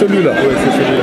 celui-là. Ouais, c'est celui-là.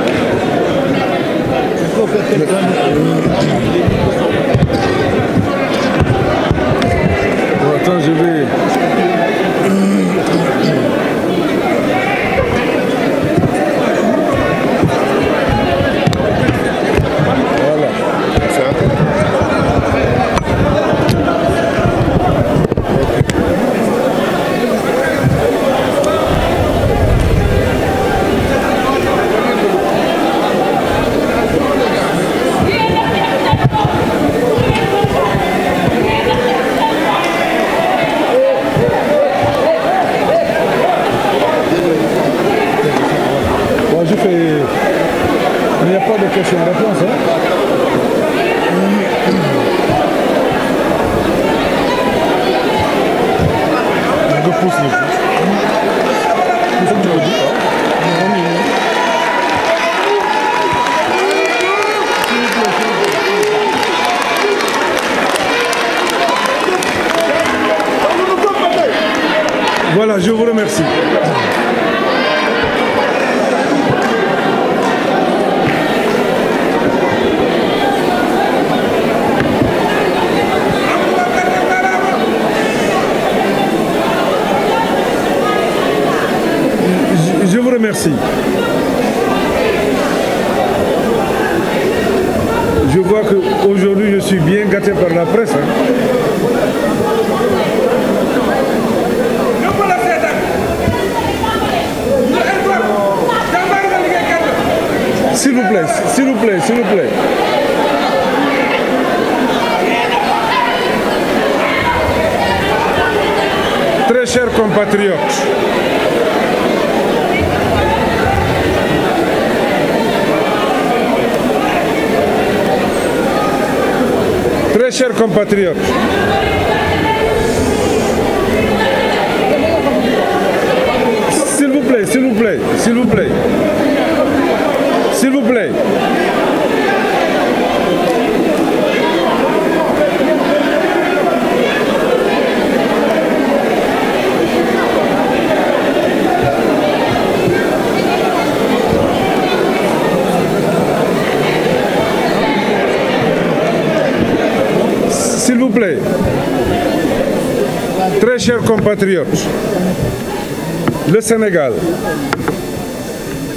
Voilà, je vous remercie. remercie. Je vois qu'aujourd'hui, je suis bien gâté par la presse. S'il vous plaît, s'il vous plaît, s'il vous plaît. Très chers compatriotes, chers compatriotes, chers compatriotes, le Sénégal,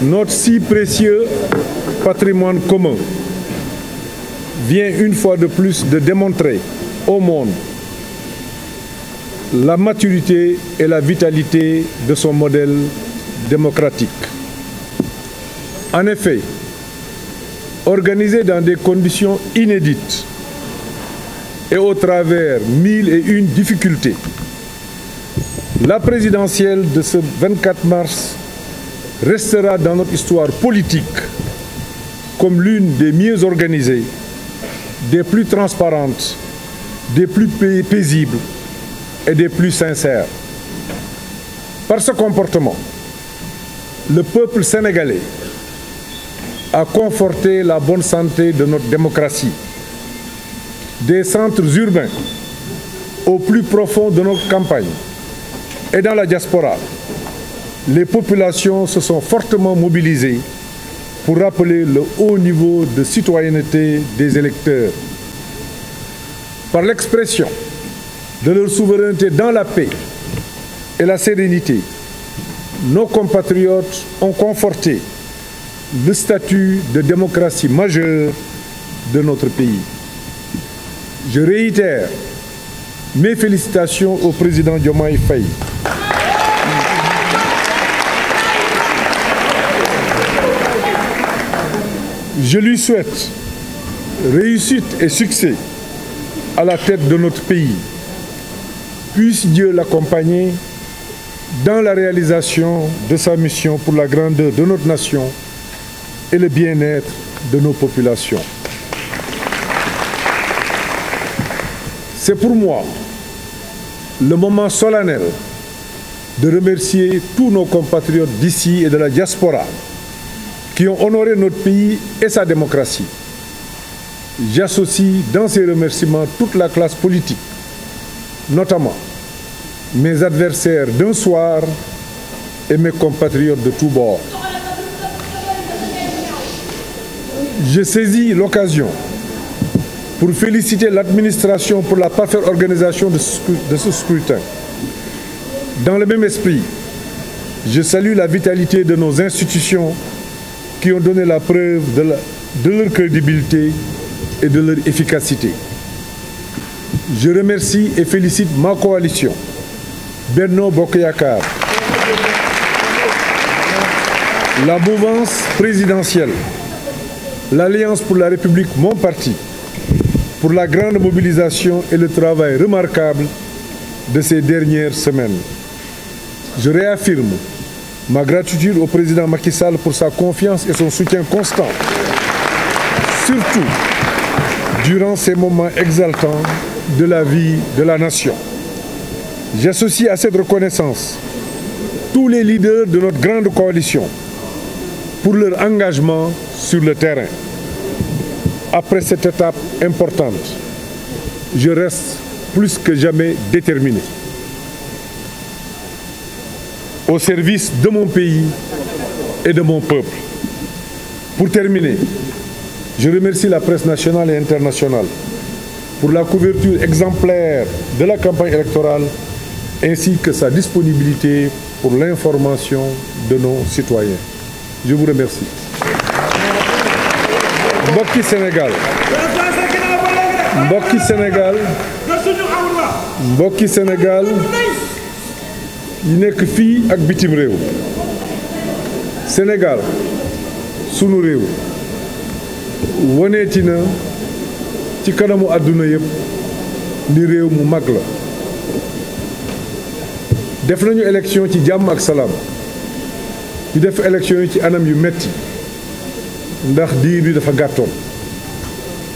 notre si précieux patrimoine commun, vient une fois de plus de démontrer au monde la maturité et la vitalité de son modèle démocratique. En effet, organisé dans des conditions inédites et au travers mille et une difficultés, La présidentielle de ce 24 mars restera dans notre histoire politique comme l'une des mieux organisées, des plus transparentes, des plus paisibles et des plus sincères. Par ce comportement, le peuple sénégalais a conforté la bonne santé de notre démocratie, des centres urbains au plus profond de notre campagne et dans la diaspora, les populations se sont fortement mobilisées pour rappeler le haut niveau de citoyenneté des électeurs. Par l'expression de leur souveraineté dans la paix et la sérénité, nos compatriotes ont conforté le statut de démocratie majeure de notre pays. Je réitère mes félicitations au président Diomaye Faye je lui souhaite réussite et succès à la tête de notre pays. Puisse Dieu l'accompagner dans la réalisation de sa mission pour la grandeur de notre nation et le bien-être de nos populations. C'est pour moi le moment solennel de remercier tous nos compatriotes d'ici et de la diaspora qui ont honoré notre pays et sa démocratie. J'associe dans ces remerciements toute la classe politique, notamment mes adversaires d'un soir et mes compatriotes de tous bords. Je saisis l'occasion pour féliciter l'administration pour la parfaite organisation de ce scrutin. Dans le même esprit, je salue la vitalité de nos institutions qui ont la preuve de, la, de leur crédibilité de leur efficacité. Je remercie et félicite ma coalition, Berno Bokyakar, la mouvance présidentielle, l'Alliance pour la République, mon parti, pour la grande mobilisation et le travail remarquable de ces dernières semaines. Je réaffirme Ma gratitude au président Macky Sall pour sa confiance et son soutien constant. Surtout durant ces moments exaltants de la vie de la nation. J'associe à cette reconnaissance tous les leaders de notre grande coalition pour leur engagement sur le terrain. Après cette étape importante, je reste plus que jamais déterminé. au service de mon pays et de mon peuple. Pour terminer, je remercie la presse nationale et internationale pour la couverture exemplaire de la campagne électorale ainsi que sa disponibilité pour l'information de nos citoyens. Je vous remercie. mbokki Sénégal yi nekk fii ak bitim réew Sénégal sunu réew woneeti na ci kanamu àdduna yëpp ni réew mu mag la def nañu élection ci jàmm ak salaam ñu def élection yi ci anam yu metti ndax diir bi dafa gàttoon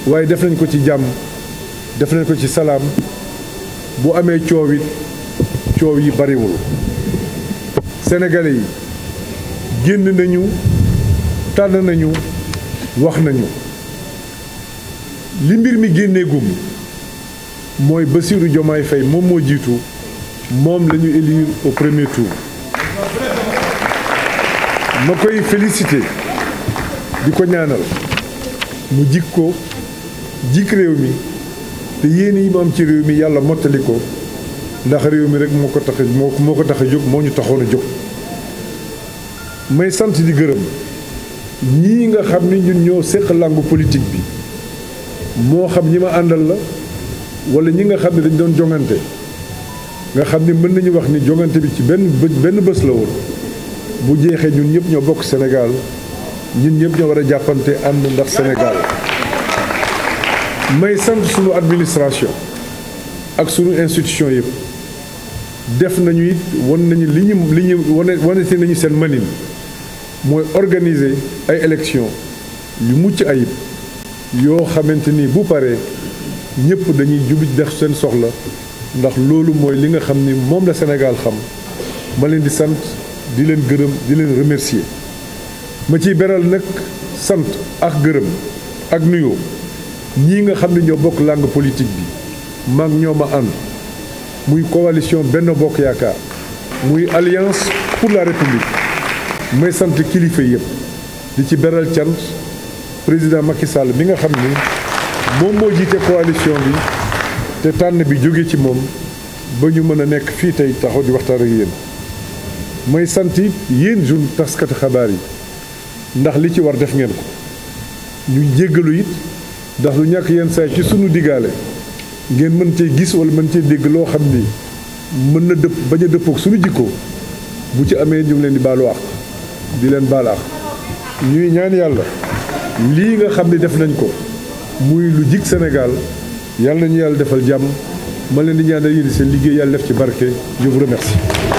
waaye def nañ ko ci jàmm def nañ ko ci salaam bu amee coow coow yi bariwul sénégalais yi génn nañu tànn nañu wax nañu li mbir mi génnee gum mooy Bassirou Diomaye Faye moom moo jiitu moom lañu ñu élire au premier tour ma koy félicité di ko ñaanal mu jik ko jik réew mi te yéen yi mu am ci réew mi yàlla mottali ko ndax réew mi rek moo ko tax moo moo ko tax a jóg moo ñu taxoon a jóg may sant di gërëm ñii nga xam ni ñun ñoo séq làngu politique bi moo xam ñi ma àndal la wala ñi nga xam ne dañ doon jongante nga xam ne mën nañu wax ni jongante bi ci benn benn bës la woon bu jeexee ñun ñëpp ñoo bokk senegaal ñun ñëpp ñoo war a jàppante ànd ndax senegaal may sant sunu administration ak sunu institution yëpp def nañu it nañu li ñu li ñu wane wane si nañu seen mënin mooy organiser ay élection yu mucc ayib yoo xamante ni bu paree ñëpp dañuy jubit dex seen soxla ndax loolu mooy li nga xam ni moom la Sénégal xam ma leen di sant di leen gërëm di leen remercier ma ciy beral nag sant ak gërëm ak nuyoo ñii nga xam ne ñoo bokk langue politique bi mag ñooma ma ànd muy coalition benn Bokk Yaakaar muy alliance pour la république may sant kilifa yëpp di ci beral cant président Macky bi nga xam ni moom moo jiite coalition bi te tànn bi jóge ci moom ba ñu mën a nekk fii tey taxaw di waxtaan ak yéen may sant it yéen jun taskati xabaar yi ndax li ci war def ngeen ko ñu jéggalu it ndax lu ñàkk yenn saay ci sunu digaale ngeen mën cee gis wala mën cee dégg loo xam ni mën na dëpp bañ a dëppoog suñu jikko bu ci amee ñu leen di baalu àq di leen baal àq ñuy ñaan yàlla lii nga xam ni def nañ ko muy lu jig senegal yàlla nañu yàlla defal jàmm ma leen di ñaanal yéen seen liggéey yàlla def ci barke je vous remercie